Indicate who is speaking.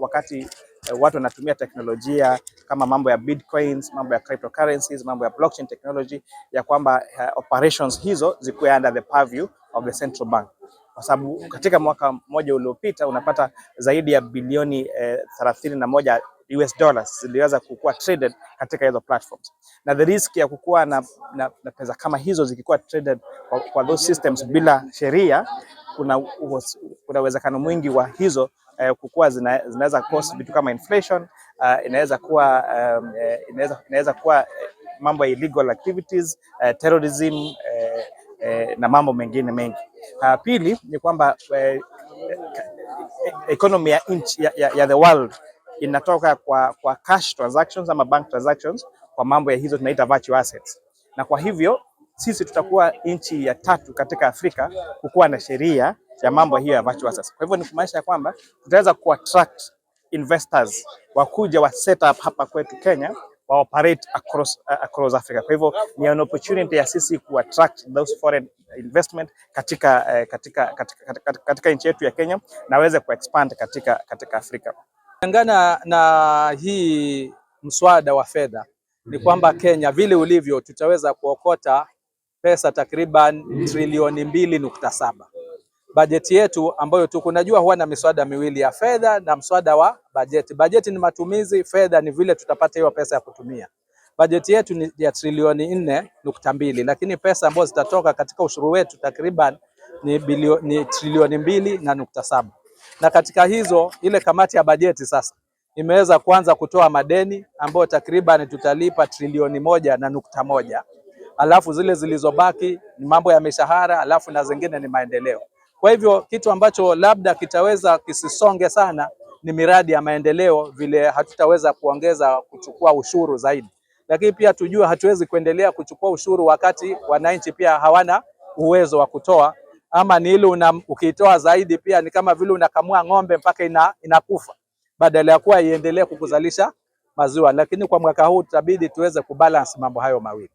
Speaker 1: wakati eh, watu wanatumia teknolojia kama mambo ya bitcoins, mambo ya cryptocurrencies, mambo ya blockchain technology, ya kwamba uh, operations hizo zikuwe under the purview of the central bank, kwa sababu katika mwaka mmoja uliopita unapata zaidi ya bilioni eh, thelathini na moja US dollars ziliweza kukua traded katika hizo platforms, na the risk ya kukua na, na, na pesa kama hizo zikikuwa traded kwa, kwa those systems bila sheria kuna, kuna uwezekano mwingi wa hizo eh, kukua zina, zinaweza cause vitu kama inflation uh, inaweza kuwa um, eh, inaweza, inaweza kuwa eh, mambo ya illegal activities uh, terrorism eh, eh, na mambo mengine mengi. Uh, pili ni kwamba eh, economy ya inch, ya, ya, ya the world inatoka kwa, kwa cash transactions ama bank transactions kwa mambo ya hizo tunaita virtual assets, na kwa hivyo sisi tutakuwa nchi ya tatu katika Afrika kukuwa na sheria ya mambo hiyo ya virtual assets. Kwa hivyo ni kumaanisha ya kwamba tutaweza ku attract investors wakuja wa set up hapa kwetu Kenya wa operate across, uh, across Africa. Kwa hivyo ni an opportunity ya sisi ku attract those foreign investment katika, uh, katika, katika, katika, katika nchi yetu ya Kenya na waweze ku expand katika, katika Afrika.
Speaker 2: Kulingana na hii mswada wa fedha ni kwamba Kenya vile ulivyo tutaweza kuokota pesa takriban trilioni mbili nukta saba. Bajeti yetu ambayo kunajua huwa na miswada miwili ya fedha na mswada wa bajeti. Bajeti ni matumizi, fedha ni vile tutapata hiyo pesa ya kutumia. Bajeti yetu ni ya trilioni nne nukta mbili, lakini pesa ambazo zitatoka katika ushuru wetu takriban ni, bilio, ni trilioni mbili na nukta saba na katika hizo ile kamati ya bajeti sasa imeweza kuanza kutoa madeni ambayo takriban tutalipa trilioni moja na nukta moja alafu zile zilizobaki ni mambo ya mishahara, alafu na zingine ni maendeleo. Kwa hivyo kitu ambacho labda kitaweza kisisonge sana ni miradi ya maendeleo, vile hatutaweza kuongeza kuchukua ushuru zaidi, lakini pia tujue hatuwezi kuendelea kuchukua ushuru wakati wananchi pia hawana uwezo wa kutoa, ama ni ile ukiitoa zaidi pia ni kama vile unakamua ng'ombe mpaka ina, inakufa badala ya kuwa iendelee kukuzalisha maziwa. Lakini kwa mwaka huu tutabidi tuweze kubalance mambo hayo mawili.